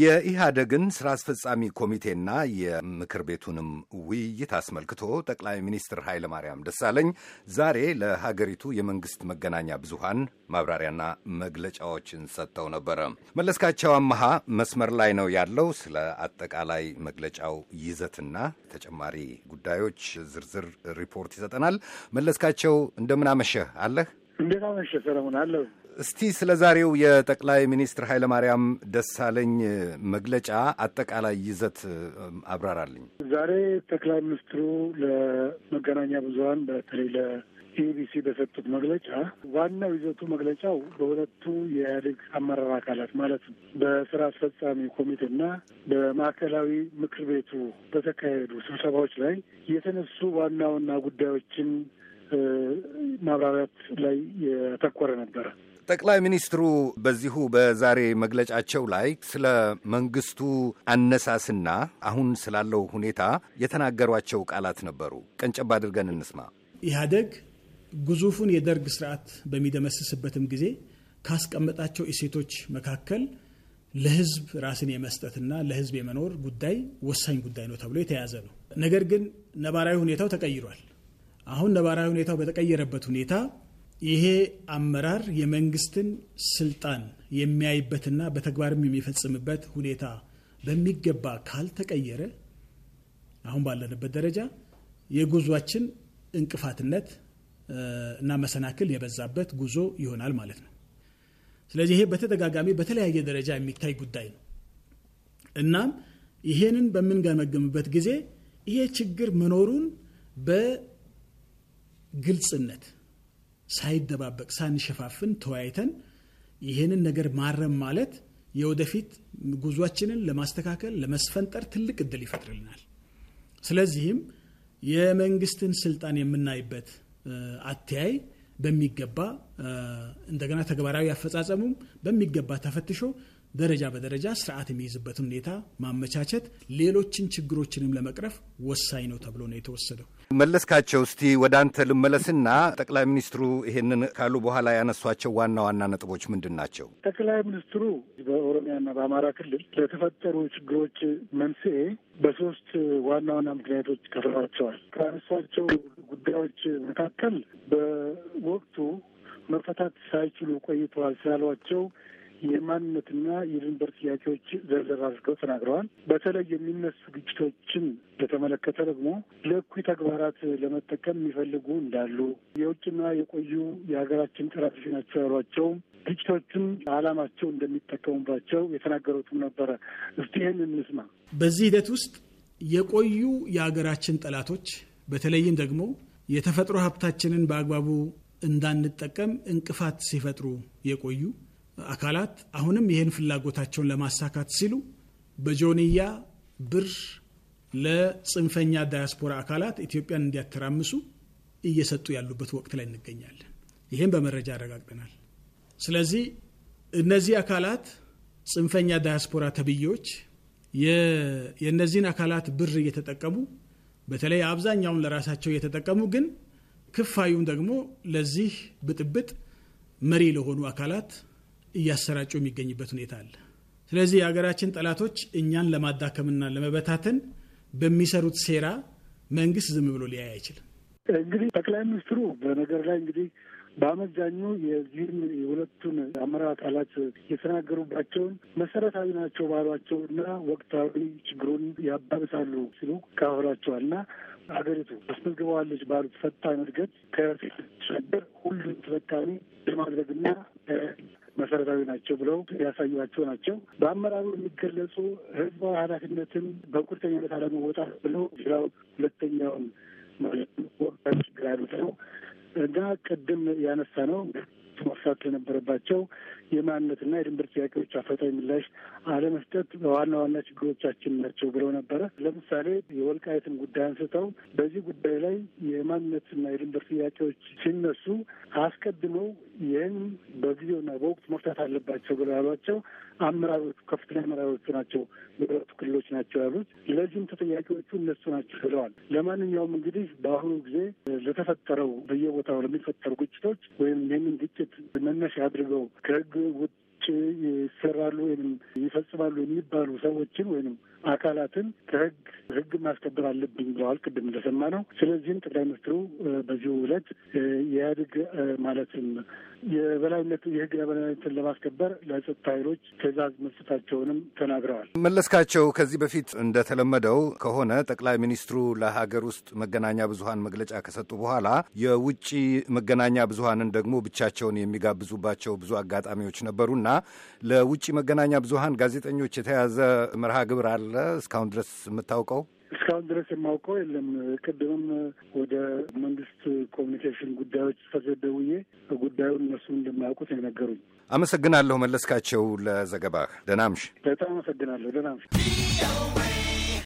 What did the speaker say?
የኢህአደግን ስራ አስፈጻሚ ኮሚቴና የምክር ቤቱንም ውይይት አስመልክቶ ጠቅላይ ሚኒስትር ኃይለ ማርያም ደሳለኝ ዛሬ ለሀገሪቱ የመንግስት መገናኛ ብዙሃን ማብራሪያና መግለጫዎችን ሰጥተው ነበረ። መለስካቸው አመሃ መስመር ላይ ነው ያለው። ስለ አጠቃላይ መግለጫው ይዘትና ተጨማሪ ጉዳዮች ዝርዝር ሪፖርት ይሰጠናል። መለስካቸው እንደምን አመሸህ አለህ? እንዴት አመሸ ሰለሞን አለሁ። እስቲ ስለ ዛሬው የጠቅላይ ሚኒስትር ኃይለማርያም ደሳለኝ መግለጫ አጠቃላይ ይዘት አብራራልኝ። ዛሬ ጠቅላይ ሚኒስትሩ ለመገናኛ ብዙኃን በተለይ ለኢቢሲ በሰጡት መግለጫ ዋናው ይዘቱ መግለጫው በሁለቱ የኢህአዴግ አመራር አካላት ነው በስራ አስፈጻሚ ኮሚቴና በማዕከላዊ ምክር ቤቱ በተካሄዱ ስብሰባዎች ላይ የተነሱ ዋና ዋና ጉዳዮችን ማብራሪያት ላይ ያተኮረ ነበረ። ጠቅላይ ሚኒስትሩ በዚሁ በዛሬ መግለጫቸው ላይ ስለ መንግስቱ አነሳስና አሁን ስላለው ሁኔታ የተናገሯቸው ቃላት ነበሩ። ቀንጨብ አድርገን እንስማ። ኢህአደግ ግዙፉን የደርግ ስርዓት በሚደመስስበትም ጊዜ ካስቀመጣቸው እሴቶች መካከል ለህዝብ ራስን የመስጠትና ለህዝብ የመኖር ጉዳይ ወሳኝ ጉዳይ ነው ተብሎ የተያዘ ነው። ነገር ግን ነባራዊ ሁኔታው ተቀይሯል። አሁን ነባራዊ ሁኔታው በተቀየረበት ሁኔታ ይሄ አመራር የመንግስትን ስልጣን የሚያይበትና በተግባርም የሚፈጽምበት ሁኔታ በሚገባ ካልተቀየረ አሁን ባለንበት ደረጃ የጉዟችን እንቅፋትነት እና መሰናክል የበዛበት ጉዞ ይሆናል ማለት ነው። ስለዚህ ይሄ በተደጋጋሚ በተለያየ ደረጃ የሚታይ ጉዳይ ነው። እናም ይሄንን በምንገመግምበት ጊዜ ይሄ ችግር መኖሩን በ ግልጽነት ሳይደባበቅ ሳንሸፋፍን ተወያይተን ይህንን ነገር ማረም ማለት የወደፊት ጉዟችንን ለማስተካከል ለመስፈንጠር ትልቅ እድል ይፈጥርልናል። ስለዚህም የመንግስትን ስልጣን የምናይበት አተያይ በሚገባ እንደገና ተግባራዊ አፈጻጸሙም በሚገባ ተፈትሾ ደረጃ በደረጃ ስርዓት የሚይዝበትን ሁኔታ ማመቻቸት ሌሎችን ችግሮችንም ለመቅረፍ ወሳኝ ነው ተብሎ ነው የተወሰደው። መለስካቸው፣ እስቲ ወደ አንተ ልመለስና ጠቅላይ ሚኒስትሩ ይሄንን ካሉ በኋላ ያነሷቸው ዋና ዋና ነጥቦች ምንድን ናቸው? ጠቅላይ ሚኒስትሩ በኦሮሚያና በአማራ ክልል ለተፈጠሩ ችግሮች መንስኤ በሶስት ዋና ዋና ምክንያቶች ከፍለዋቸዋል። ካነሷቸው ጉዳዮች መካከል በወቅቱ መፈታት ሳይችሉ ቆይተዋል ስላሏቸው የማንነትና የድንበር ጥያቄዎች ዘርዘር አድርገው ተናግረዋል። በተለይ የሚነሱ ግጭቶችን በተመለከተ ደግሞ ለእኩይ ተግባራት ለመጠቀም የሚፈልጉ እንዳሉ የውጭና የቆዩ የሀገራችን ጠላቶች ናቸው ያሏቸው ግጭቶችን አላማቸው እንደሚጠቀሙባቸው የተናገሩትም ነበረ። እስቲ ይህን እንስማ። በዚህ ሂደት ውስጥ የቆዩ የሀገራችን ጠላቶች በተለይም ደግሞ የተፈጥሮ ሀብታችንን በአግባቡ እንዳንጠቀም እንቅፋት ሲፈጥሩ የቆዩ አካላት አሁንም ይህን ፍላጎታቸውን ለማሳካት ሲሉ በጆንያ ብር ለጽንፈኛ ዳያስፖራ አካላት ኢትዮጵያን እንዲያተራምሱ እየሰጡ ያሉበት ወቅት ላይ እንገኛለን። ይህም በመረጃ አረጋግጠናል። ስለዚህ እነዚህ አካላት ጽንፈኛ ዳያስፖራ ተብዬዎች የእነዚህን አካላት ብር እየተጠቀሙ በተለይ አብዛኛውን ለራሳቸው እየተጠቀሙ ግን ክፋዩም ደግሞ ለዚህ ብጥብጥ መሪ ለሆኑ አካላት እያሰራጩ የሚገኝበት ሁኔታ አለ። ስለዚህ የሀገራችን ጠላቶች እኛን ለማዳከምና ለመበታተን በሚሰሩት ሴራ መንግስት ዝም ብሎ ሊያይ አይችልም። እንግዲህ ጠቅላይ ሚኒስትሩ በነገር ላይ እንግዲህ በአመዛኙ የዚህም የሁለቱን አመራር አካላት የተናገሩባቸውን መሰረታዊ ናቸው ባሏቸው እና ወቅታዊ ችግሩን ያባብሳሉ ሲሉ ካወሏቸዋል እና ሀገሪቱ አስመዝግበዋለች ባሉት ፈጣን እድገት ከፊት ሁሉም ተጠቃሚ ለማድረግና መሰረታዊ ናቸው ብለው ያሳዩቸው ናቸው። በአመራሩ የሚገለጹ ህዝባዊ ኃላፊነትን በቁርጠኝነት አለመወጣት ብለው ሌላው ሁለተኛውን ማለት ችግር ነው እና ቅድም ያነሳ ነው መፍታት የነበረባቸው የማንነትና የድንበር ጥያቄዎች አፈታዊ ምላሽ አለመስጠት ዋና ዋና ችግሮቻችን ናቸው ብለው ነበረ። ለምሳሌ የወልቃየትን ጉዳይ አንስተው በዚህ ጉዳይ ላይ የማንነትና የድንበር ጥያቄዎች ሲነሱ አስቀድመው ይህን በጊዜውና በወቅት መፍታት አለባቸው ብለው ያሏቸው አመራሮቹ ከፍተኛ አመራሮቹ ናቸው፣ የሁለቱ ክልሎች ናቸው ያሉት። ለዚህም ተጠያቂዎቹ እነሱ ናቸው ብለዋል። ለማንኛውም እንግዲህ በአሁኑ ጊዜ ለተፈጠረው በየቦታው ለሚፈጠሩ ግጭቶች ወይም ይህንን ግጭት ድርጅት መነሻ አድርገው ከህግ ውጭ ይሰራሉ ወይም ይፈጽማሉ የሚባሉ ሰዎችን ወይም አካላትን ከህግ ህግ ማስከበር አለብኝ ብለዋል። ቅድም እንደሰማ ነው። ስለዚህም ጠቅላይ ሚኒስትሩ በዚሁ ዕለት የኢህአዴግ ማለትም የበላይነት የህግ የበላይነትን ለማስከበር ለጸጥታ ኃይሎች ትእዛዝ መስጠታቸውንም ተናግረዋል። መለስካቸው፣ ከዚህ በፊት እንደተለመደው ከሆነ ጠቅላይ ሚኒስትሩ ለሀገር ውስጥ መገናኛ ብዙሀን መግለጫ ከሰጡ በኋላ የውጭ መገናኛ ብዙሀንን ደግሞ ብቻቸውን የሚጋብዙባቸው ብዙ አጋጣሚዎች ነበሩና ለውጭ መገናኛ ብዙሀን ጋዜጠኞች የተያዘ መርሃ ግብር አለ እስካሁን ድረስ የምታውቀው? እስካሁን ድረስ የማውቀው የለም። ቅድምም ወደ መንግስት ኮሚኒኬሽን ጉዳዮች ጽሕፈት ደውዬ ጉዳዩን እነሱ እንደማያውቁት የነገሩኝ። አመሰግናለሁ መለስካቸው ለዘገባህ። ደህና እምሽ። በጣም አመሰግናለሁ። ደህና እምሽ።